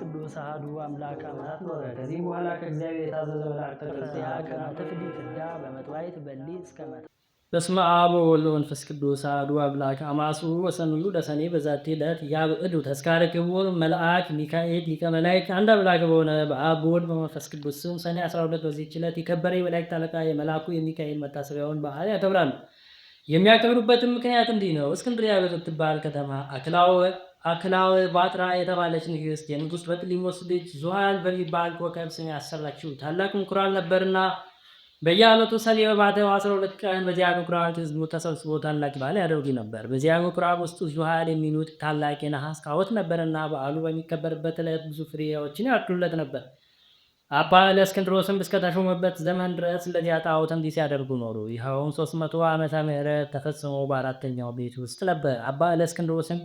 ቅዱስ አህዱ አምላክ አማት ኖረ። ከዚህ በኋላ ከእግዚአብሔር የታዘዘ መልአክ ተቀጽያ ከናተ ፍዲት ዳ በመጥዋይት በሊ መ በስመ አብ ወወልድ ወመንፈስ ቅዱስ አሐዱ አምላክ አማሱ ወሰኑሉ ለሰኔ በዛቲ ዕለት ያብዕዱ ተስካረ ክቡር መልአክ ሚካኤል ሊቀ መላእክት አንድ አምላክ በሆነ በአብ በወልድ በመንፈስ ቅዱስ ስም ሰኔ 12 በዚች ዕለት የከበረ የመላእክት አለቃ የመልአኩ የሚካኤል መታሰቢያውን በዓል ያከብራሉ። የሚያከብሩበትም ምክንያት እንዲህ ነው። እስክንድርያ በምትባል ከተማ አክላወ አክላዊ ባጥራ የተባለች ንግሥት የንጉስ በጥሊሞስ ልጅ ዙሃል በሚባል ኮከብ ስም ያሰራችው ታላቅ ምኩራብ ነበርና በየዓመቱ ሰኔ በማተው 12 ቀን በዚያ ምኩራብ ህዝቡ ተሰብስቦ ታላቅ በዓል ያደርጉ ነበር። በዚያ ምኩራብ ውስጥ ዙሃል የሚኑት ታላቅ የነሐስ ካወት ነበርና በዓሉ በሚከበርበት ዕለት ብዙ ፍሬዎችን ያቅዱለት ነበር። አባ እለእስክንድሮስም እስከተሾመበት ዘመን ድረስ ለዚያ ጣዖት እንዲህ ሲያደርጉ ኖሩ። ይኸውም 300 ዓመተ ምህረት ተፈጽሞ በአራተኛው ቤት ውስጥ ነበር። አባ እለእስክንድሮስም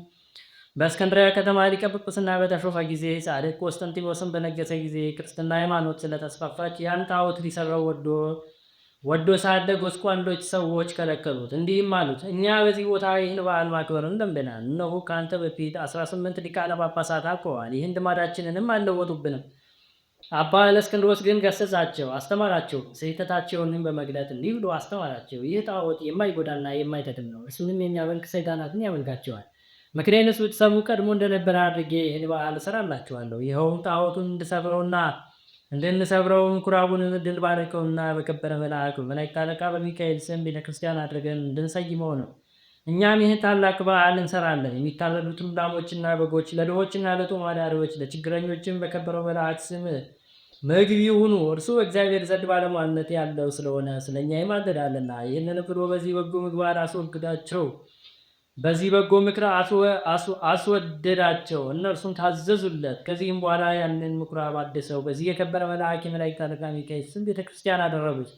በእስክንድሪያ ከተማ ሊቀ ጵጵስና በተሾፈ ጊዜ ጻድቅ ቆስጠንጢኖስን በነገሰ ጊዜ ክርስትና ሃይማኖት ስለተስፋፋች ያን ጣዖት ሊሰራው ወዶ ወዶ ሳለ ጎስቋንዶች ሰዎች ከለከሉት። እንዲህም አሉት፣ እኛ በዚህ ቦታ ይህን በዓል ማክበር ለምደናል። እነሆ ከአንተ በፊት 18 ሊቃነ ጳጳሳት አቆዋል። ይህን ድማዳችንንም አልለወጡብንም። አባ እለእስክንድሮስ ግን ገሰጻቸው፣ አስተማራቸው። ስህተታቸውንም በመግለጥ እንዲህ ብሎ አስተማራቸው፣ ይህ ጣዖት የማይጎዳና የማይተድም ነው። እሱንም የሚያመልክ ሰይጣናትን ያመልካቸዋል ምክንያቱም ብትሰሙ ቀድሞ እንደነበረ አድርጌ ይህን በዓል እሰራላችኋለሁ። ይኸውም ጣዖቱን እንድሰብረውና ምኩራቡን ድል እንድንባርከውና በከበረ መልአክ መላእክት አለቃ በሚካኤል ስም ቤተክርስቲያን አድርገን እንድንሰይመው ነው። እኛም ይህን ታላቅ በዓል እንሰራለን። የሚታረዱትን ላሞችና በጎች ለድሆችና ለጦማዳሪዎች አዳሪዎች ለችግረኞችም በከበረው መልአክ ስም ምግብ ይሁኑ። እርሱ እግዚአብሔር ዘንድ ባለሟልነት ያለው ስለሆነ ስለእኛ ይማልዳልና። ይህንን ብሎ በዚህ በጎ ምግባር አስወግዳቸው። በዚህ በጎ ምክር አስወደዳቸው፣ እነርሱም ታዘዙለት። ከዚህም በኋላ ያንን ምኩራብ አደሰው። በዚህ የከበረ መልአክ የመላእክት አለቃ ሚካኤል ስም ቤተክርስቲያን አደረጉት።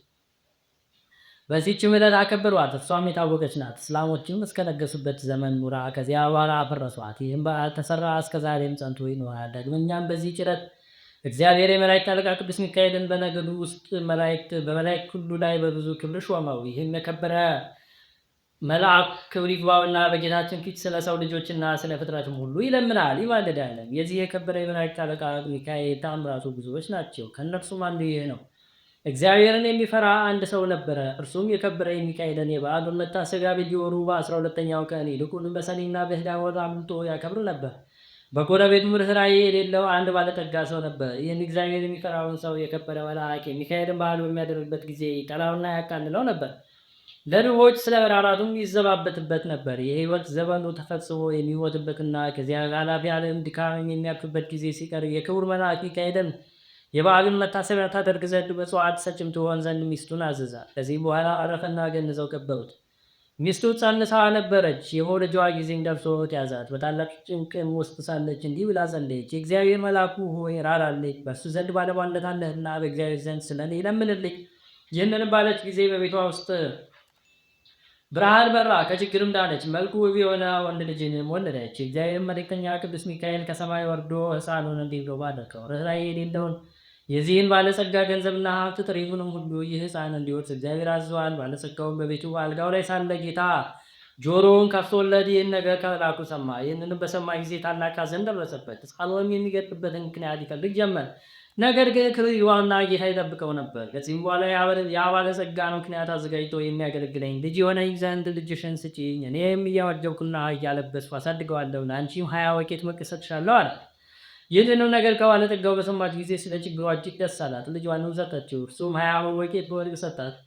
በዚህችም ዕለት አከበሯት። እርሷም የታወቀች ናት። እስላሞችም እስከነገሱበት ዘመን ኑራ ከዚያ በኋላ አፈረሷት። ይህም በዓል ተሰራ፣ እስከዛሬም ጸንቶ ይኖራል። ዳግመኛም በዚህ ጭረት እግዚአብሔር የመላእክት አለቃ ቅዱስ ሚካኤልን በነገዱ ውስጥ መላእክት በመላእክት ሁሉ ላይ በብዙ ክብር ሾመው። ይህም የከበረ መልአክ ክብር ይግባውና በጌታችን ፊት ስለ ሰው ልጆችና ስለ ፍጥረትም ሁሉ ይለምናል ይማልዳለን። የዚህ የከበረ የመላእክት አለቃ ሚካኤል ተአምራቱ ብዙዎች ናቸው። ከእነርሱም አንዱ ይህ ነው። እግዚአብሔርን የሚፈራ አንድ ሰው ነበረ። እርሱም የከበረ የሚካኤልን የበዓሉን መታሰቢያ በየወሩ በአስራ ሁለተኛው ቀን ይልቁንም በሰኔና በኅዳር ወር አምልጦ ያከብር ነበር። በጎረቤቱም ርኅራኄ የሌለው አንድ ባለጠጋ ሰው ነበር። ይህን እግዚአብሔር የሚፈራውን ሰው የከበረ መልአክ የሚካኤልን በዓል በሚያደርግበት ጊዜ ይጠላውና ያቃልለው ነበር። ለድሆች ስለ መራራቱም ይዘባበትበት ነበር። የህይወት ዘመኑ ተፈጽሞ የሚሞትበትና ከዚያ ኃላፊ ዓለም ድካም የሚያርፍበት ጊዜ ሲቀር የክቡር መልአክ ሚካኤልም የበዓሉን መታሰቢያ ታደርግ ዘንድ በጽዋዕት ሰጭም ትሆን ዘንድ ሚስቱን አዘዛ። ከዚህ በኋላ አረፈና ገንዘው ቀበሩት። ሚስቱ ጸንሳ ነበረች። የሆልጇ ጊዜም ደርሶ ያዛት። በታላቅ ጭንቅም ውስጥ ሳለች እንዲህ ብላ ጸለየች። የእግዚአብሔር መልአኩ ሆይ ራራልኝ፣ በእሱ ዘንድ ባለሟልነት አለህና በእግዚአብሔር ዘንድ ስለኔ ለምንልኝ። ይህንንም ባለች ጊዜ በቤቷ ውስጥ ብርሃን በራ ከችግርም ዳነች። መልኩ ውብ የሆነ ወንድ ልጅንም ወለደች። እግዚአብሔር መልእክተኛ ቅዱስ ሚካኤል ከሰማይ ወርዶ ሕፃኑን እንዲህ ብሎ ባረከው። ርኅራኄ የሌለውን የዚህን ባለጸጋ ገንዘብና ሀብት ትርፉንም ሁሉ ይህ ሕፃን እንዲወርስ እግዚአብሔር አዝዟል። ባለጸጋውን በቤቱ አልጋው ላይ ሳለ ጌታ ጆሮውን ከፍቶለት ይህን ነገር ከላኩ ሰማ። ይህንንም በሰማ ጊዜ ታላቅ ሐዘን ደረሰበት። ሕፃኑንም የሚገድልበትን ምክንያት ይፈልግ ጀመር። ነገር ግን ክብሪዋና ጌታ ይጠብቀው ነበር። ከዚህም በኋላ የባለጸጋ ነው ምክንያት አዘጋጅቶ የሚያገለግለኝ ልጅ የሆነኝ ዘንድ ልጅሽን ስጪኝ፣ እኔም እያወጀብኩና እያለበስኩ አሳድገዋለሁ፣ ለአንቺም ሀያ ወቄት መቀሰጥሻለሁ አለ። ይህንኑ ነገር ከባለጸጋው በሰማች ጊዜ ስለ ችግሯ እጅግ ደስ አላት። ልጇንም ሰጠችው፣ እርሱም ሀያ ወቄት በወርቅ ሰጣት።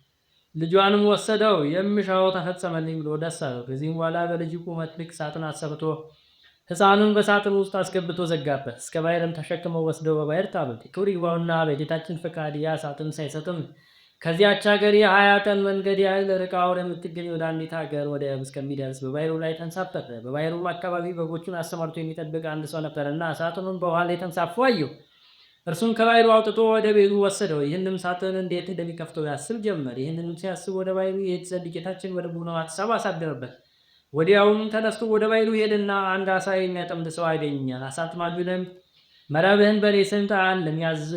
ልጇንም ወሰደው፣ የምሻው ተፈጸመልኝ ብሎ ደስ አለው። ከዚህም በኋላ በልጅ ቁመት ልክ ሳጥን አሰርቶ ሕፃኑን በሳጥን ውስጥ አስገብቶ ዘጋበት። እስከ ባሕርም ተሸክመው ወስደው በባሕር ታሉት። ክብር ይግባውና በጌታችን ፈቃድ ያ ሳጥን ሳይሰጥም ከዚያች ሀገር የሀያ ቀን መንገድ ያህል ርቃ ወደምትገኝ ወደ አንዲት ሀገር ወደ ወደብ እስከሚደርስ በባሕሩ ላይ ተንሳፈፈ። በባሕሩ አካባቢ በጎቹን አሰማርቶ የሚጠብቅ አንድ ሰው ነበረና ሳጥኑን በውኃ ላይ ተንሳፎ አየው። እርሱም ከባሕሩ አውጥቶ ወደ ቤቱ ወሰደው። ይህንም ሳጥን እንዴት እንደሚከፍተው ያስብ ጀመር። ይህንንም ሲያስብ ወደ ባሕሩ ይሄድ ዘንድ ጌታችን በልቡናው ሐሳብ አሳደረበት። ወዲያውም ተነስቶ ወደ ባይሉ ሄደና አንድ አሳ የሚያጠምድ ሰው አገኘ። አሳ አጥማጁንም መረብህን በእኔ ስም ጣል፣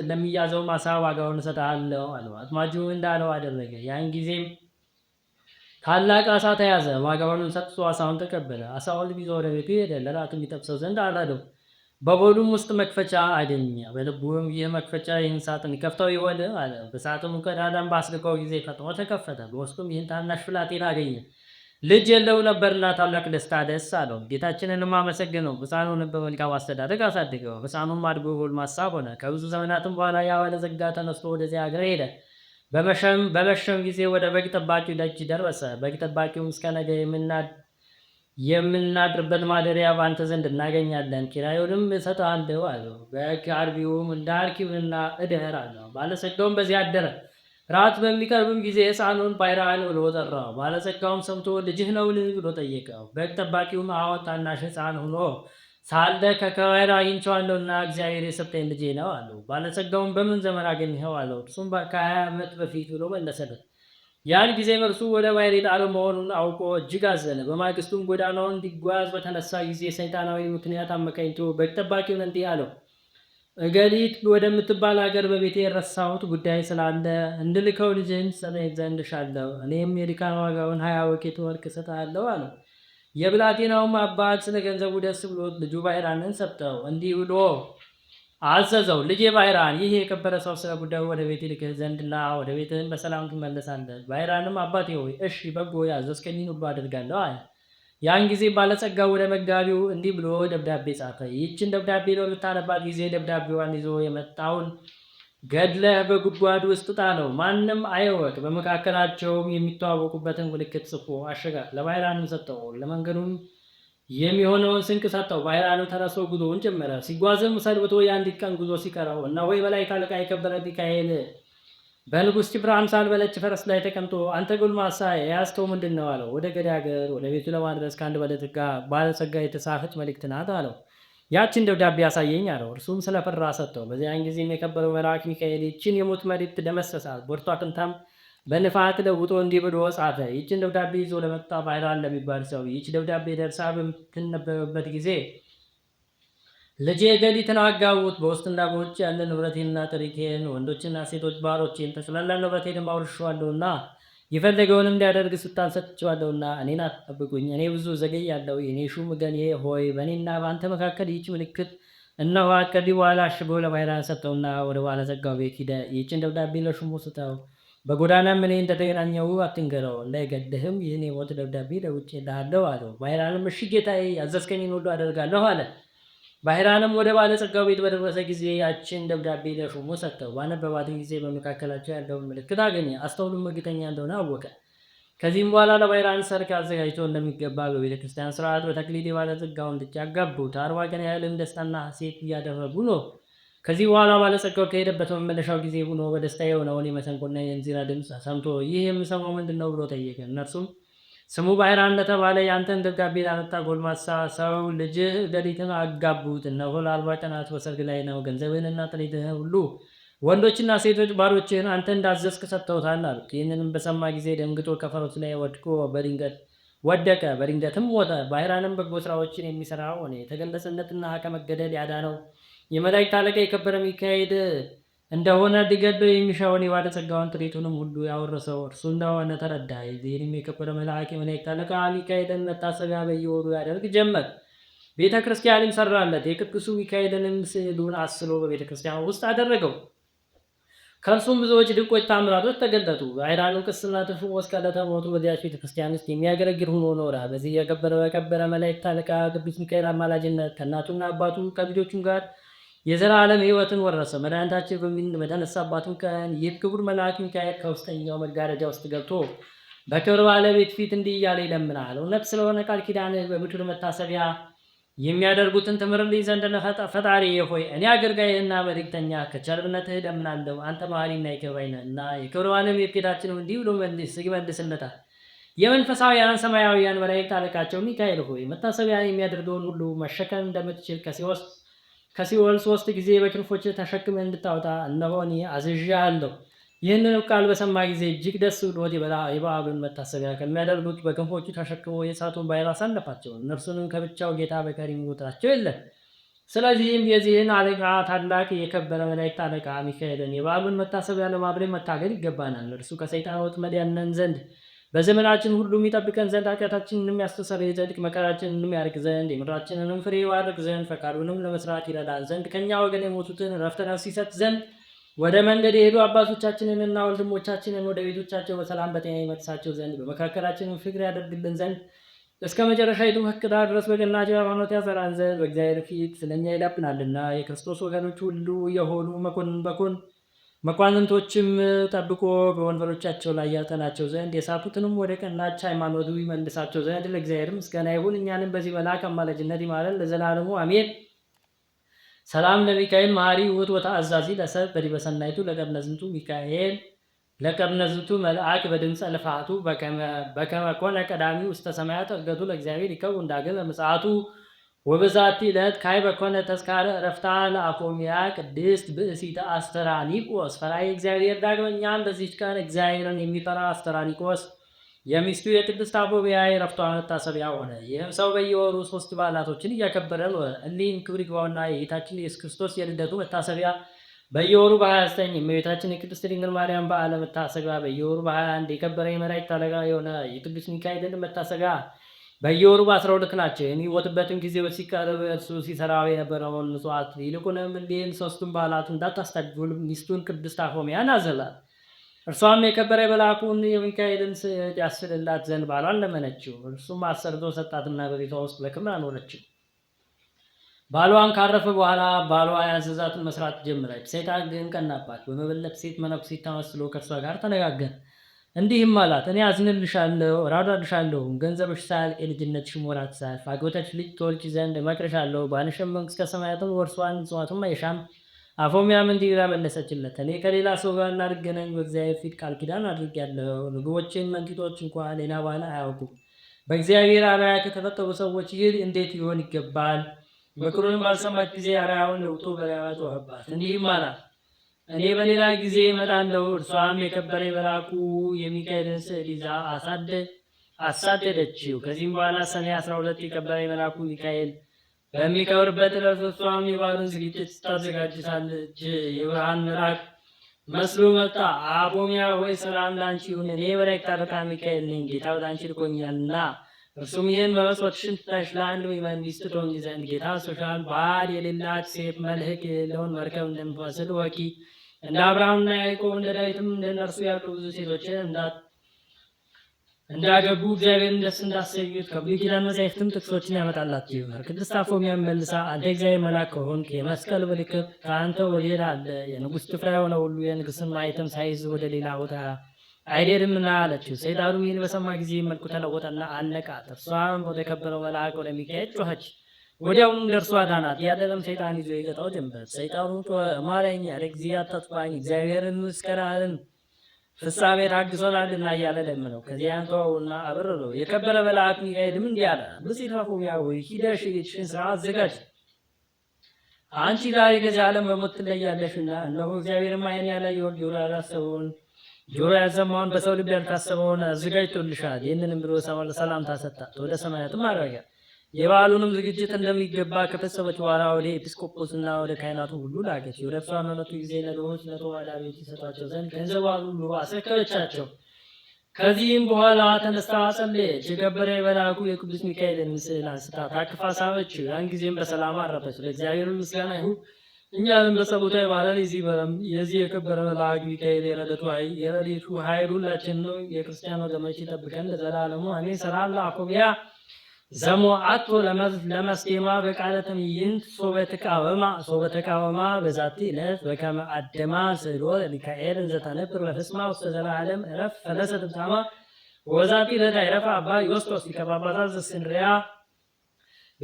ለሚያዘውም አሳ ዋጋውን እሰጥሃለሁ አለው። አጥማጁ እንዳለው አደረገ። ያን ጊዜም ታላቅ አሳ ተያዘ። ዋጋውንም ሰጥቶ አሳውን ተቀበለ። አሳውን ይዞ ወደ ቤቱ ሄደ። ለራቱ የሚጠብሰው ዘንድ አላለው። በበሉም ውስጥ መክፈቻ አገኘ። በልቡም ይህ መክፈቻ ይህን ሳጥን ከፍተው ይሆን አለ። በሳጥኑ ቀዳዳም በአስልቀው ጊዜ ፈጥኖ ተከፈተ። በውስጡም ይህን ታናሽ ብላቴና አገኘ። ልጅ የለው ነበርና ታላቅ ደስታ ደስ አለው። ጌታችንን ማመሰግነው ሕፃኑን በመልካም አስተዳደግ አሳድገው። ሕፃኑም አድጎ ጎልማሳ ሆነ። ከብዙ ዘመናትም በኋላ ያ ባለጸጋ ተነስቶ ወደዚያ ሀገር ሄደ። በመሸም ጊዜ ወደ በግ ጠባቂው ደጅ ደረሰ። በግ ጠባቂውም እስከ ነገ የምናድርበት ማደሪያ በአንተ ዘንድ እናገኛለን፣ ኪራዩንም እሰጥሃለሁ አለው። በግ አርቢውም እንደ አርኪውንና እድህር አለው። ባለጸጋውም በዚህ አደረ። ራት በሚቀርብም ጊዜ ሕፃኑን ፓይራን ብሎ ጠራው። ባለጸጋውም ሰምቶ ልጅህ ነውን ብሎ ጠየቀው። በግ ጠባቂውም አዎ፣ ታናሽ ሕፃን ሆኖ ሳለ ከከባይራ አግኝቼዋለሁና እግዚአብሔር የሰጠኝ ልጄ ነው አለው። ባለጸጋውም በምን ዘመን አገኘኸው አለው። እርሱም ከሀያ ዓመት በፊት ብሎ መለሰለት። ያን ጊዜ እርሱ ወደ ባሕር የጣለው መሆኑን አውቆ እጅግ አዘነ። በማግስቱም ጎዳናውን እንዲጓዝ በተነሳ ጊዜ ሰይጣናዊ ምክንያት አመካኝቶ በግ ጠባቂውን እንዲህ አለው እገሊት ወደምትባል ሀገር በቤቴ የረሳሁት ጉዳይ ስላለ እንድልከው ልጅህን ትሰጠኝ ዘንድ እሻለሁ። እኔም የድካም ዋጋውን ሀያ ወቄት ወርቅ እሰጥሃለሁ አለ። የብላቴናውም አባት ስለ ገንዘቡ ደስ ብሎት ልጁ ባይራንን ሰጠው፣ እንዲህ ብሎ አዘዘው። ልጄ ባይራን፣ ይህ የከበረ ሰው ስለ ጉዳዩ ወደ ቤት ይልክህ ዘንድና ወደ ቤትህን በሰላም ትመለሳለህ። ባይራንም አባቴ ሆይ እሺ፣ በጎ ያዘዝከኝን ሁሉ አደርጋለሁ አለ። ያን ጊዜ ባለጸጋው ወደ መጋቢው እንዲህ ብሎ ደብዳቤ ጻፈ። ይህችን ደብዳቤ በምታነባት ጊዜ ደብዳቤዋን ይዞ የመጣውን ገድለህ በጉድጓድ ውስጥ ጣለው፣ ማንም አይወቅ። በመካከላቸውም የሚተዋወቁበትን ምልክት ጽፎ አሸጋ ለባይራኑ ሰጠው። ለመንገዱም የሚሆነውን ስንቅ ሰጠው። ባይራኑ ተነስቶ ጉዞውን ጀመረ። ሲጓዝም ሰልብቶ የአንዲት ቀን ጉዞ ሲቀረው ወይ በላይ ካልቃ የከበረ ሚካኤል በልግ ውስጥ ብር አምሳል በለች ፈረስ ላይ ተቀምጦ አንተ ጎልማሳ የያዝከው ምንድን ነው አለው። ወደ ገዳ ሀገር ወደ ቤቱ ለማድረስ ከአንድ ባለጸጋ የተሳፈች መልእክት ናት አለው። ያችን ደብዳቤ ያሳየኝ አለው። እርሱም ስለፈራ ሰጥተው። በዚያን ጊዜም የከበረው መልአክ ሚካኤል ይችን የሞት መሬት ደመሰሳል። ቦርቷ ክንታም በንፋት ለውጦ እንዲህ ብሎ ጻፈ። ይችን ደብዳቤ ይዞ ለመጣ ባህራን ለሚባል ሰው ይች ደብዳቤ ደርሳ በምትነበበበት ጊዜ ልጄ ገሊትን አጋቡት በውስጥና በውጭ ያለ ንብረቴንና ጥሪቴን ወንዶችና ሴቶች ባሮቼን ተስላላ ንብረቴንም አውርሸዋለሁና የፈለገውንም እንዲያደርግ ስልጣን ሰጥቼዋለሁና እኔን አትጠብቁኝ፣ እኔ ብዙ ዘገያለሁ። የእኔ ሹም ገኔ ሆይ በእኔና በአንተ መካከል ይህች ምልክት እነሆ ከዚህ በኋላ አሽገው ለባሕራን ሰጠውና ወደ ባለጸጋው ቤት ሂደ ይህችን ደብዳቤ ለሹሙ ስጠው። በጎዳናም እኔ እንደተገናኘው አትንገረው፣ እንዳይገድህም ይህን የሞት ደብዳቤ ለውጭ ላለው አለው። ባሕራንም እሺ ጌታዬ፣ ያዘዝከኝን ሁሉ አደርጋለሁ አለ። ባህራንም ወደ ባለጸጋው ቤት በደረሰ ጊዜ ያችን ደብዳቤ ለሹሙ ሰጠው። ባነበባትን ጊዜ በመካከላቸው ያለውን ምልክት አገኘ። አስተውሉም እርግጠኛ እንደሆነ አወቀ። ከዚህም በኋላ ለባይራን ሰርግ አዘጋጅቶ እንደሚገባ በቤተ ክርስቲያን ስርዓት በተክሊል የባለጸጋውን ልጅ አጋቡት። አርባ ቀን ያህልም ደስታና ሐሴት እያደረጉ ነው። ከዚህ በኋላ ባለጸጋው ከሄደበት በመመለሻው ጊዜ ሆኖ በደስታ የሆነውን የመሰንቆና የእንዚራ ድምፅ ሰምቶ ይህ የምሰማው ምንድን ነው ብሎ ጠየቀ። እነርሱም ስሙ ባይራን ለተባለ ያንተን ደብዳቤ ላመጣ ጎልማሳ ሰው ልጅህ ሌሊትን አጋቡት። እነሆ ለአርባ ቀናት በሰርግ ላይ ነው። ገንዘብህንና ጥሪትህን ሁሉ ወንዶችና ሴቶች ባሮችህን አንተ እንዳዘዝክ ሰጥተውታል አሉት። ይህንንም በሰማ ጊዜ ደንግጦ ከፈረሱ ላይ ወድቆ በድንገት ወደቀ፣ በድንገትም ሞተ። ባይራንም በጎ ስራዎችን የሚሰራ ሆነ። የተገለጸነትና ከመገደል ያዳነው የመላእክት አለቃ የከበረ ሚካኤል እንደሆነ ዲገዶ የሚሻውን ጸጋውን ትርኢቱንም ሁሉ ያወረሰው እርሱ እንደሆነ ተረዳ። የዚህንም የከበረ መልአክ የመላእክት አለቃ ሚካኤልን መታሰቢያ በየወሩ ያደርግ ጀመር። ቤተ ክርስቲያንም ሰራለት። የቅዱሱ ሚካኤልንም ስዕሉን አስሎ በቤተ ክርስቲያን ውስጥ አደረገው። ከእርሱም ብዙዎች ድንቆች ታምራቶች ተገለጡ። አይራኑ ቅስና ትፉ ወስከ ለተሞቱ በዚያች ቤተ ክርስቲያን ውስጥ የሚያገለግል ሆኖ ኖረ። በዚህ የከበረ በከበረ መላእክት አለቃ ቅዱስ ሚካኤል አማላጅነት ከእናቱና አባቱ ከልጆቹም ጋር የዘላለም ሕይወትን ወረሰ። መድኃኒታችን በሚመዳነስ አባቱም ቀን ይህ ክቡር መልአክ ሚካኤል ከውስጠኛው መጋረጃ ውስጥ ገብቶ በክብር ባለቤት ፊት እንዲህ እያለ ይለምናል። እውነት ስለሆነ ቃል ኪዳን በምድር መታሰቢያ የሚያደርጉትን ትምርልኝ ዘንድ ፈጣሪ ሆይ እኔ አገልጋይህና መልእክተኛ ከቸርነትህ እለምናለሁ። አንተ መሐሪና ይቅር ባይ ነህና የክብር ባለቤት ጌታችንም እንዲህ ብሎ ይመልስለታል። የመንፈሳውያንን ሰማያውያን መላእክት አለቃቸው ሚካኤል ሆይ መታሰቢያ የሚያደርገውን ሁሉ መሸከም እንደምትችል ከሲወስድ ከሲኦል ሶስት ጊዜ በክንፎች ተሸክመ እንድታወጣ እነሆ እኔ አዝዣለሁ። ይህንን ቃል በሰማ ጊዜ እጅግ ደስ ብሎት የበዓሉን መታሰቢያ ከሚያደርጉት በክንፎቹ ተሸክሞ የእሳቱን ባሕር አሳለፋቸው። እነርሱንም ከብቻው ጌታ በከሪም የሚወጣቸው የለም። ስለዚህም የዚህን አለቃ ታላቅ የከበረ መላእክት አለቃ ሚካኤልን የበዓሉን መታሰቢያ ለማብሬ መታገል ይገባናል። እርሱ ከሰይጣን ወጥመድ ያድነን ዘንድ በዘመናችን ሁሉ የሚጠብቀን ዘንድ ኃጢአታችንን የሚያስተሰር የጸድቅ መከራችንን የሚያርቅ ዘንድ የምድራችንንም ፍሬ ያደርግ ዘንድ ፈቃዱንም ለመስራት ይረዳን ዘንድ ከእኛ ወገን የሞቱትን ረፍተ ነፍስ ይሰጥ ዘንድ ወደ መንገድ የሄዱ አባቶቻችንን እና ወንድሞቻችንን ወደ ቤቶቻቸው በሰላም በጤና ይመልሳቸው ዘንድ በመካከላችንም ፍቅር ያደርግልን ዘንድ እስከ መጨረሻ ይቱ ህቅዳ ድረስ በገናቸው ሃይማኖት ያሰራን ዘንድ በእግዚአብሔር ፊት ስለኛ ይላብናልና የክርስቶስ ወገኖች ሁሉ የሆኑ መኮንን በኮን መኳንንቶችም ጠብቆ በወንበሮቻቸው ላይ ያጠናቸው ዘንድ የሳቱትንም ወደ ቀናች ሃይማኖቱ ይመልሳቸው ዘንድ ለእግዚአብሔር ምስጋና ይሁን። እኛንም በዚህ መልአክ አማላጅነት ይማረን ለዘላለሙ አሜን። ሰላም ለሚካኤል መሐሪ ውእቱ ወተአዛዚ ለሰብ በዲበ ሰናይቱ ለቀብነዝንቱ ሚካኤል ለቀብነዝንቱ መልአክ በድምፀ ልፋቱ በከመ ኮነ ቀዳሚ ውስተ ሰማያት ዕርገቱ ለእግዚአብሔር ይከውን ዳግም በምጽአቱ ወበዛቲ ዕለት ካዕበ ኮነ ተስካረ ዕረፍታ ለአፎምያ ቅድስት ብእሲተ አስተራኒቆስ ፈራይ እግዚአብሔር። ዳግመኛም በዚች ቀን እግዚአብሔርን የሚፈራ አስተራኒቆስ የሚስቱ የቅድስት አፎምያ የዕረፍቷ መታሰቢያ ሆነ። ይህም ሰው በየወሩ ሶስት በዓላቶችን እያከበረ ኖረ። እሊህም ክብር ይግባውና የጌታችን ኢየሱስ ክርስቶስ የልደቱ መታሰቢያ በየወሩ በ29 የእመቤታችን የቅድስት ድንግል ማርያም በዓለ መታሰቢያ በየወሩ በ21 የከበረ የመላእክት አለቃ የሆነ የቅዱስ ሚካኤልን መታሰቢያ በየወሩ በአስራ ሁለት ናቸው። የሚሞትበትን ጊዜ ሲቀርብ እርሱ ሲሰራ የነበረውን ምጽዋት ይልቁንም እንዲህን ሶስቱን በዓላት እንዳታስታድል ሚስቱን ቅድስት አፎሚያን አዘዛት። እርሷም የከበረ የመልአኩን የሚካኤልን ስዕል ያስልላት ዘንድ ባሏን ለመነችው። እርሱም አሰርቶ ሰጣትና በቤቷ ውስጥ በክብር አኖረችው። ባሏን ካረፈ በኋላ ባሏ ያዘዛትን መስራት ጀምረች። ሴታ ግን ቀናባት። በመበለት ሴት መነኩሴት ተመስሎ ከእርሷ ጋር ተነጋገረ። እንዲህም አላት፣ እኔ አዝንልሻለሁ፣ እራዳልሻለሁ፣ ገንዘብሽ ሳያልቅ የልጅነትሽ ወራት ሳያልፍ አግብተሽ ልጅ ትወልጂ ዘንድ እመክርሻለሁ። ባልሽም መንግሥተ ሰማያትን ወርሷን ጽዋቱም አይሻም። አፎሚያም እንዲህ ብላ መለሰችለት፣ እኔ ከሌላ ሰው ጋር እንዳልገናኝ በእግዚአብሔር ፊት ቃል ኪዳን አድርጌያለሁ። ምግቦችን መንቲቶች እንኳ ሌላ ባለ አያውቁም። በእግዚአብሔር አርአያ ከተፈጠሩ ሰዎች ይህ እንዴት ሊሆን ይገባል? ምክሩንም ባልሰማች ጊዜ አርአያውን ለውጦ በላይዋ ጮኸባት፣ እንዲህም አላት እኔ በሌላ ጊዜ እመጣለሁ። እርሷም የከበረ መልአኩ የሚካኤልን ስዕል ይዛ አሳደ አሳደደችው። ከዚህም በኋላ ሰኔ 12 የከበረ መልአኩ ሚካኤል በሚቀብርበት ዕለት እርሷም የበዓሉን ዝግጅት ስታዘጋጅ ሳለች የብርሃን መልአክ መስሎ መጣ። አቦሚያ ሆይ ሰላም ላንቺ ይሁን፣ እኔ መላእክት አለቃ ሚካኤል ነኝ፣ ጌታ ወደ አንቺ ልኮኛልና እርሱም ይህን በመስወት ትተሽ ለአንድ ምዕመን ሚስት ትሆኚ ዘንድ ጌታ ሶሻል ባል የሌላት ሴት መልህቅ የሌለውን መርከብ እንደምትመስል ወኪ እንደ አብርሃምና ያዕቆብ እንደ ዳዊትም እንደ እነርሱ ያሉ ብዙ ሴቶችን እንዳገቡ እግዚአብሔርን ደስ እንዳሰኙት ከብሉይ ኪዳን መጻሕፍትም ጥቅሶችን ያመጣላችሁ ይሆናል። ቅድስት አፎሚያን መልሳ አንተ እግዚአብሔር መልአክ ከሆንክ የመስቀል ምልክት ከአንተ ወዴት አለ? የንጉሥ ጭፍራ የሆነ ሁሉ የንግሥን ማኅተም ሳይዝ ወደ ሌላ ቦታ አይሄድምና አለችው። ሰይጣኑ ይህን በሰማ ጊዜ መልኩ ተለወጠና አነቃት። እርሷም ወደ ከበረው መልአክ ወደ ሚካኤል ጮኸች። ወዲያውም ደርሶ አዳናት። ያደለም ሰይጣን ይዞ ይገጣው ጀመር። ሰይጣኑ ማረኝ ያለ ጊዜ አታጥፋኝ፣ እግዚአብሔርን ምስከናልን ፍጻሜ ታግሶናልና እያለ ለምነው። ከዚያን ተዋውና አበረረው። የከበረ መልአክ ሚካኤልም እንዲህ አለ፣ ብጽዕት ፎሚያ ሆይ ሂደሽ ቤትሽን ስራ አዘጋጅ፣ አንቺ ዛሬ ከዚህ ዓለም በሞት ትለያለሽና፣ እነሆ እግዚአብሔር ዓይን ያላየውን ጆሮ ያላሰበውን ጆሮ ያልሰማውን በሰው ልብ ያልታሰበውን አዘጋጅቶልሻል። ይህንንም ብሎ ሰላምታ ሰጣት፣ ወደ ሰማያትም አረጋል። የበዓሉንም ዝግጅት እንደሚገባ ከፈጸመች በኋላ ወደ ኤጲስቆጶስና ወደ ካህናቱ ሁሉ ላገች። ወደ እርሷ በመጡ ጊዜ ለድሆች፣ ለተዋዳ ቤት ይሰጧቸው ዘንድ ገንዘቧን ሁሉ አሰከረቻቸው። ከዚህም በኋላ ተነስታ ጸለየች። የከበረ መልአኩ የቅዱስ ሚካኤልን ምስል አንስታ ታቅፋ ሳመችው። ያን ጊዜም በሰላም አረፈች። ለእግዚአብሔር ምስጋና ይሁን። እኛንም በጸሎታ ይማረን። የዚህ የዚህ የከበረ መልአክ ሚካኤል የረደቱ የረድኤቱ ኃይል ሁላችን ነው። የክርስቲያን ወገኖች ይጠብቀን ለዘላለሙ። እኔ ሰላም ለአኮቢያ ዘሞአቶ ለመስቴማ በቃለ ትዕይንት ሶበተቃወማ ሶበተቃወማ በዛቲ ዕለት በከመ አደማ ስእሎ ለሚካኤል እንዘተነብር ለፍስማ ውስተ ዘለዓለም ዕረፍ ፈለሰ ትብታማ ወዛቲ ዕለት አይረፈ አባ ዮስጦስ ሊቀ ጳጳሳት ዘእስክንድርያ።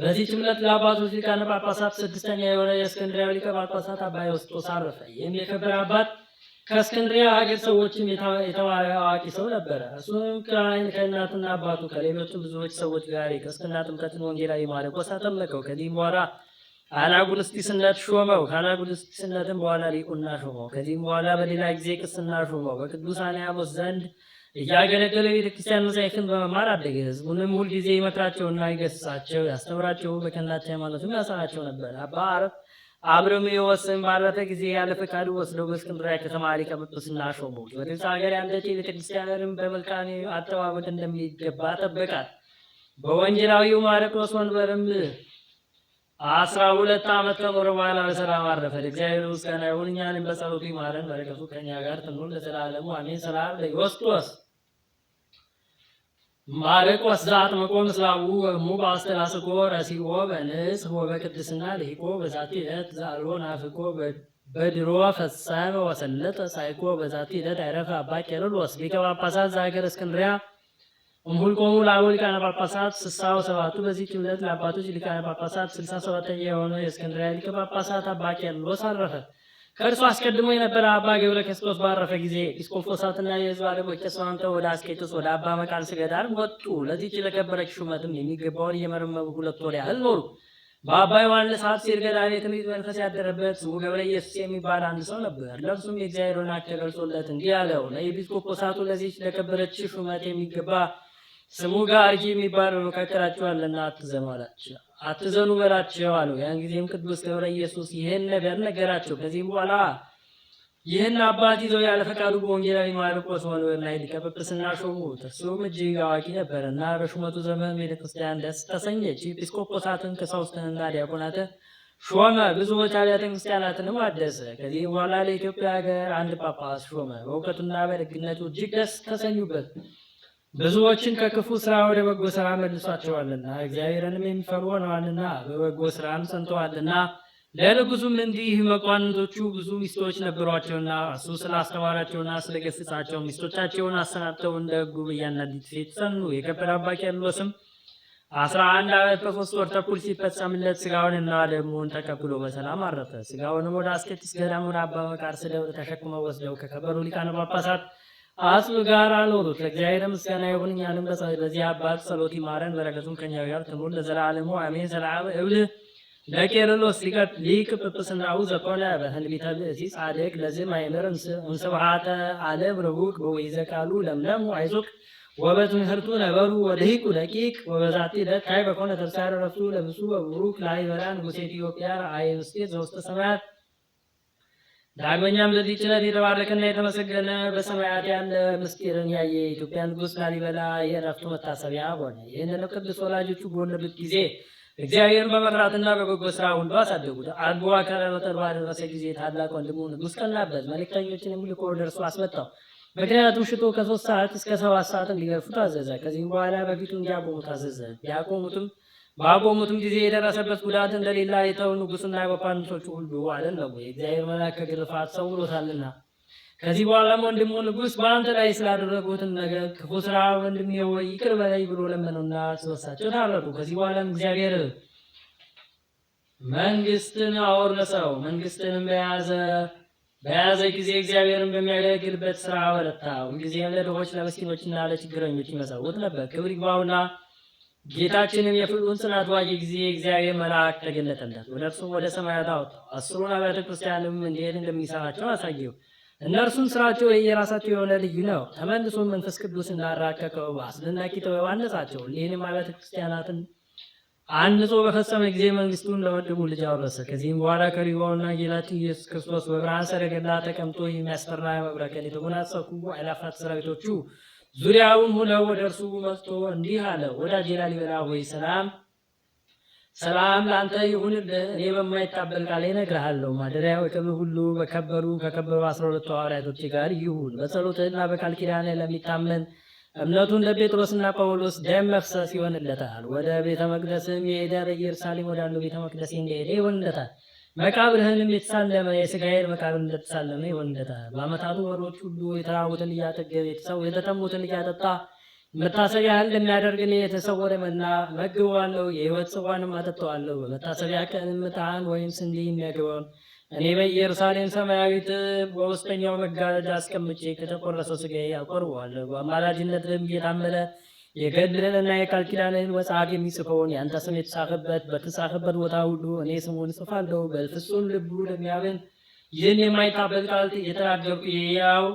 በዚህችም ዕለት ለአባቶች ሊቃነ ጳጳሳት ስድስተኛ የሆነ የእስክንድርያው ሊቀ ጳጳሳት አባ ዮስጦስ አረፈ። ይህም የከበረ አባት ከእስክንድሪያ ሀገር ሰዎችም የተዋዋቂ ሰው ነበረ። እሱም ከእናትና አባቱ ከሌሎቹ ብዙዎች ሰዎች ጋር የክርስትና ጥምቀትን ወንጌላዊ ማርቆስ አጠመቀው። ከዚህም በኋላ አናጉልስጢስነት ሾመው። ከአናጉልስጢስነትም በኋላ ሊቁና ሾመው። ከዚህም በኋላ በሌላ ጊዜ ቅስና ሾመው። በቅዱስ አንያኖስ ዘንድ እያገለገለ ቤተክርስቲያን መጻሕፍትን በመማር አደገ። ህዝቡንም ሁልጊዜ ይመክራቸውና ይገሥጻቸው፣ ያስተምራቸው፣ በቀናች ሃይማኖትም ያሰራቸው ነበር። አባ አረፍ አብርም የወስም ባረፈ ጊዜ ያለ ፈቃዱ ወስዶ በእስክንድርያ ከተማ ሊቀ ጵጵስና ሾመው። በግብፅ ሀገር ያለች ቤተክርስቲያንንም በመልካም አጠባበቅ እንደሚገባ ጠበቃት። በወንጌላዊው ማርቆስ ወንበርም አስራ ሁለት ዓመት ከኖረ በኋላ በሰላም አረፈ። እግዚአብሔር ምስጋና ይሁን፣ እኛንም በጸሎቱ ይማረን፣ በረከቱ ከኛ ጋር ትኑር ለዘላለሙ አሜን። ሰላም ለዮስጦስ ማርቆስ መቆም ምስላቡ ወሙ በአስተላስቆ ረሲቆ በንስ ወበቅድስና ልሂቆ በዛቲ ዕለት ዛሎ ናፍቆ በድሮ ፈጸመ ወሰለጠ ሳይቆ በዛቲ ዕለት አይረፈ አባ ቄርሎስ ሊቀ ጳጳሳት ዘሀገረ እስክንድርያ እምሁልቆሙ ላቦ ሊቃነ ጳጳሳት ስሳው ሰባቱ በዚህች ዕለት ለአባቶች ሊቃነ ጳጳሳት ስልሳ ሰባተኛ የሆነ የእስክንድርያ ሊቀ ጳጳሳት አባ ቄርሎስ አረፈ። ከእርሱ አስቀድሞ የነበረ አባ ገብረ ክርስቶስ ባረፈ ጊዜ ኢስቆጶሳትና የሕዝብ አለቆች ተስማምተው ወደ አስቄጦስ ወደ አባ መቃርስ ገዳር ወጡ። ለዚች ለከበረች ሹመትም የሚገባውን እየመረመሩ ሁለት ወር ያህል ኖሩ። በአባ ዮሐንስ አብሲር ገዳም የትንቢት መንፈስ ያደረበት ስሙ ገብረ ኢየሱስ የሚባል አንድ ሰው ነበር። ለእርሱም የእግዚአብሔር ናቸው ገልጾለት እንዲህ አለው፣ ለኤጲስቆጶሳቱ ለዚች ለከበረች ሹመት የሚገባ ስሙ ጋርጂ የሚባል ነው። ካከራችኋልና አትዘኑ አላቸው። አትዘኑ በላቸው አሉ። ያን ጊዜም ቅዱስ ገብረ ኢየሱስ ይህን ነገር ነገራቸው። ከዚህም በኋላ ይህን አባት ይዘው ያለ ፈቃዱ በወንጌላዊ ማርቆስ ወንበር ላይ ሊቀ ጵጵስና ሾሙት። እርሱም እጅግ አዋቂ ነበርና በሹመቱ ዘመን ቤተክርስቲያን ክርስቲያን ደስ ተሰኘች። ኤጲስቆጶሳትን፣ ቀሳውስትንና ዲያቆናትን ሾመ። ብዙ አብያተ ክርስቲያናትንም አደሰ። ከዚህ በኋላ ለኢትዮጵያ ሀገር አንድ ጳጳስ ሾመ። በእውቀቱና በደግነቱ እጅግ ደስ ተሰኙበት። ብዙዎችን ከክፉ ስራ ወደ በጎ ስራ መልሷቸዋልና እግዚአብሔርንም የሚፈሩ ሆነዋልና በበጎ ስራም ጸንተዋልና። ለንጉሱም እንዲህ መኳንንቶቹ ብዙ ሚስቶች ነበሯቸውና እሱ ስላስተማራቸውና ስለገሰጻቸው ሚስቶቻቸውን አሰናብተው እንደ ህጉ በእያንዳንዲቱ ሴት ጸኑ። የከበረ አባ ቄርሎስም አስራ አንድ ዓመት በሶስት ወር ተኩል ሲፈጸምለት ስጋውንና ደሙን ተቀብሎ በሰላም አረፈ። ስጋውንም ወደ አስኬትስ ገዳም ወደ አባ መቃርስ ደብር ተሸክመው ወስደው ከከበሩ ሊቃነ ጳጳሳት አጽብ ጋር አኖሩት። ለእግዚአብሔር ምስጋና ይሁን፣ እኛንም በዚህ አባት ጸሎት ይማረን፣ በረከቱም ከኛ ጋር ትኑር ለዘላለሙ አሜን። ዘላለም እብል ለቄርሎስ ሊቅ ጵጵስናው ዘኮነ በትንቢተ ብእሲ ጻድቅ ለዝም አይምር እንስብሃተ ዓለም ርቡቅ በወይዘ ቃሉ ለምለሙ አይዞቅ ወበትምህርቱ ነበሩ ወደሂቁ ደቂቅ ወበዛቲ ዕለት በኮነ ኮነ ተብሳረ ረፍቱ ለብፁዕ ላይ ላዕበራ ንጉሠ ኢትዮጵያ አይምስጢር ዘውስተ ሰማያት ዳግመኛም ለዚህ ጭነት የተባረከና የተመሰገነ በሰማያት ያለ ምስጢርን ያየ የኢትዮጵያ ንጉሥ ላሊበላ የእረፍቱ መታሰቢያ ሆነ። ይህንን ቅዱስ ወላጆቹ በወለዱት ጊዜ እግዚአብሔር በመፍራትና በበጎ ስራ ሁሉ አሳደጉት። አልቦ አካለ ባደረሰ ጊዜ ታላቅ ወንድሙ ንጉሥ ቀናበት። መልእክተኞችን ልኮ ወደ እርሱ አስመጣው። ምክንያቱም ሽቶ ከሶስት ሰዓት እስከ ሰባት ሰዓት እንዲገርፉት አዘዘ። ከዚህም በኋላ በፊቱ እንዲያቆሙት አዘዘ። ያቆሙትም ባቆሙትም ጊዜ የደረሰበት ጉዳት እንደሌለ አይተው ንጉሱና የመኳንንቶቹ ሁሉ አደነቁ፣ የእግዚአብሔር መልአክ ከግርፋት ሰውሮታልና። ከዚህ በኋላም ወንድሙ ንጉስ በአንተ ላይ ስላደረጉትን ነገር ክፉ ስራ ወንድሜ ሆይ ይቅር በላይ ብሎ ለመነውና ስበሳቸው ታረቁ። ከዚህ በኋላም እግዚአብሔር መንግስትን አወረሰው። መንግስትንም በያዘ በያዘ ጊዜ እግዚአብሔርን በሚያገለግልበት ስራ አበረታው። ሁልጊዜም ለድሆች ለምስኪኖችና ለችግረኞች ይመሰውት ነበር። ክብር ይግባውና ጌታችንም የፍጡን ጽናት ባየ ጊዜ እግዚአብሔር መልአክ ተገለጠለት፣ ወደ እርሱም ወደ ሰማያት አወጣው። አስሩን አብያተ ክርስቲያንም እንዴት እንደሚሰራቸው አሳየው። እነርሱም ስራቸው የየራሳቸው የሆነ ልዩ ነው። ተመልሶ መንፈስ ቅዱስ እንዳራከከው አስደናቂ ጥበብ አነጻቸው። ይህንም አብያተ ክርስቲያናትን አንጾ በፈጸመ ጊዜ መንግስቱን ለወድሙ ልጅ አወረሰ። ከዚህም በኋላ ከሪቦና ጌታችን ኢየሱስ ክርስቶስ በብርሃን ሰረገላ ተቀምጦ የሚያስፈራ መብረቅን የተጎናጸፉ አእላፋት ሰራዊቶቹ ዙሪያውን ሁለው ወደ እርሱ መጥቶ እንዲህ አለ፣ ወዳጄ ላሊበላ ወይ ሰላም ሰላም ለአንተ ይሁንልህ። እኔ በማይታበል ቃል እነግርሃለሁ። ማደሪያ ወቅብህ ሁሉ በከበሩ ከከበሩ አስራ ሁለቱ ሐዋርያቶች ጋር ይሁን። በጸሎትህና በቃል ኪዳን ለሚታመን እምነቱ እንደ ጴጥሮስና ጳውሎስ ደም መፍሰስ ይሆንለታል። ወደ ቤተ መቅደስም የሄደ ኢየሩሳሌም ወዳለው ቤተ መቅደስ እንደሄደ ይሆንለታል። መቃብርህንም የተሳለመ የስጋዬን መቃብር እንደተሳለመ ይወንደታ በአመታቱ ወሮች ሁሉ የተራቡትን እያጠገብ የተሰው የተጠሙትን እያጠጣ መታሰቢያ እንደሚያደርግ እንደሚያደርግን የተሰወረ መና መግበዋለሁ፣ የህይወት ጽዋንም አጠጣዋለሁ። በመታሰቢያ ቀንም ዕጣን ወይም ስንዴ የሚያገባውን እኔ በኢየሩሳሌም ሰማያዊት በውስጠኛው መጋረጃ አስቀምጬ ከተቆረሰው ስጋዬ አቆርበዋለሁ። በአማላጅነትም እየታመለ የገድልንና የቃል ኪዳንህን ወጻግ የሚጽፈውን ያንተ ስም የተጻፈበት በተጻፈበት ቦታ ሁሉ እኔ ስሙን ጽፋለሁ። በፍጹም ልቡ ለሚያምን ይህን የማይታበል ቃል የተናገርኩ የያው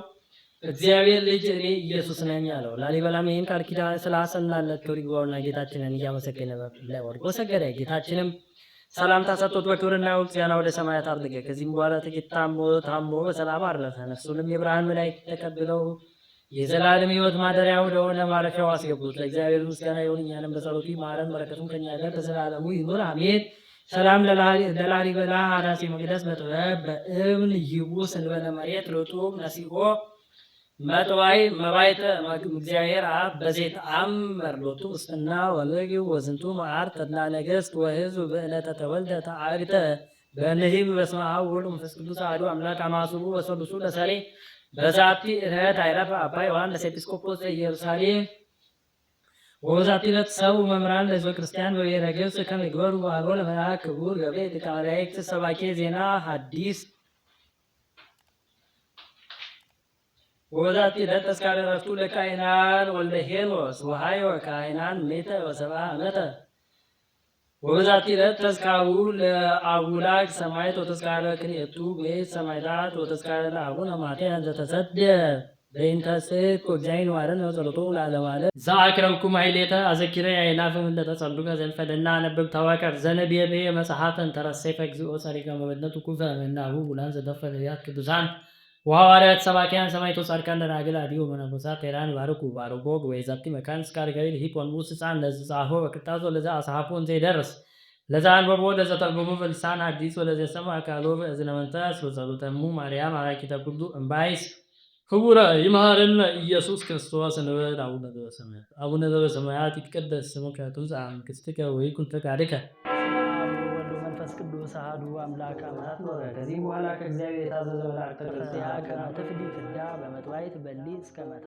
እግዚአብሔር ልጅ እኔ ኢየሱስ ነኝ አለው። ላሊበላም ይህን ቃል ኪዳን ስላሰናለት ክብር ይግባውና ጌታችንን እያመሰገነ ላይ ወድቆ ሰገደ። ጌታችንም ሰላምታ ሰጥቶት በክብርና ውቅያና ወደ ሰማያት አደገ። ከዚህም በኋላ ጥቂት ታሞ ታሞ በሰላም አረፈ። ነፍሱንም የብርሃን መላእክት ተቀብለው የዘላለም ሕይወት ማደሪያ ወደሆነ ማረፊያው አስገቡት። ለእግዚአብሔር ምስጋና ይሁን፣ እኛንም በጸሎቱ ይማረን፣ በረከቱም ከኛ ጋር በዘላለሙ ይኑር አሜን። ሰላም ለላሊበላ አራሴ መቅደስ በጥበብ በእብን ይቡስ እንበለ መሬት ርጡም ነሲሆ መጥዋይ መባይተ እግዚአብሔር አብ በዜት አምር ሎቱ ውስጥና ወልግ ወዝንቱ መዓር ተድና ነገስት ወህዝብ በዕለተ ተወልደ ተአሪተ በእነዚህ በስመ አብ ወወልድ ወመንፈስ ቅዱስ አሐዱ አምላክ አማስቡ ወሰሉሱ ለሰሬ በዛቲ ዕለት አይረፈ አባ ዮሐንስ ኤጲስቆጶስ ኢየሩሳሌም ወበዛቲ ዕለት ሰው መምህራን ለሕዝበ ክርስቲያን በብሔረ ግብጽ ከሚግበሩ ባሮ ለመልአክ ክቡር ገብርኤል ሊቀ መላእክት ሰባኬ ዜና ሐዲስ ወበዛቲ ዕለት ተስካረ ዕረፍቱ ለካህናን ወልደ ሄኖስ ወሀይወ ካህናን ሜተ ወሰብአ ዓመተ ወበዛቲ ዕለት ተዝካሩ ለአቡላክ ሰማዕት ወተዝካረ ክልኤቱ ቤት ሰማዕታት ወተዝካረ ለአቡነ ማትያስ ዘተሰደ በኢንተስት ኮግዛይን ዋረን ጸሎቶ ለዓለም አለ ዘአክረምኩም ኃይሌተ አዘኪረ የአይናፍም እንደተጸዱከ ዘልፈደና አነብብ ታዋቀር ዘነብየብየ መጽሐፈን ተረሰይፈ እግዚኦ ጸሪቀ መበለቱ ኩፈ ምናሁ ቡላን ዘደፈ ነቢያት ቅዱሳን ወሐዋርያት ሰባኪያን ሰማይቶ ጻድቃን ደናግል አዲሁ መነኮሳት ቴራን ባርኩ ባርኮግ ወይ ዛቲ መካን እስካር ገሊል ሂፖን ሙስ ሕፃን ለዝ ጻፎ በቅጣዞ ለዚ አሳሐፎ እንዘ ይደርስ ለዛ አንበቦ ለዚ ተርጎሙ በልሳን አዲስ ወለዚ ሰማ አካሎ በእዝነ መንፈስ በጸሎተሙ ማርያም አራኪ ተጉዱ እምባይስ ክቡረ ይመሃረነ ኢየሱስ ክርስቶስ እንበል አቡነ ዘበሰማያት አቡነ ዘበሰማያት ይትቀደስ ስምከ ትምጻእ መንግሥትከ ወይኩን ፈቃድከ ቅዱስ አሐዱ አምላክ አማት ኖረ። ከዚህ በኋላ ከእግዚአብሔር የታዘዘ መልአክ ተቀጽያ ከመ ትፍዲ ፍዳ በመጥዋይት በሊ እስከ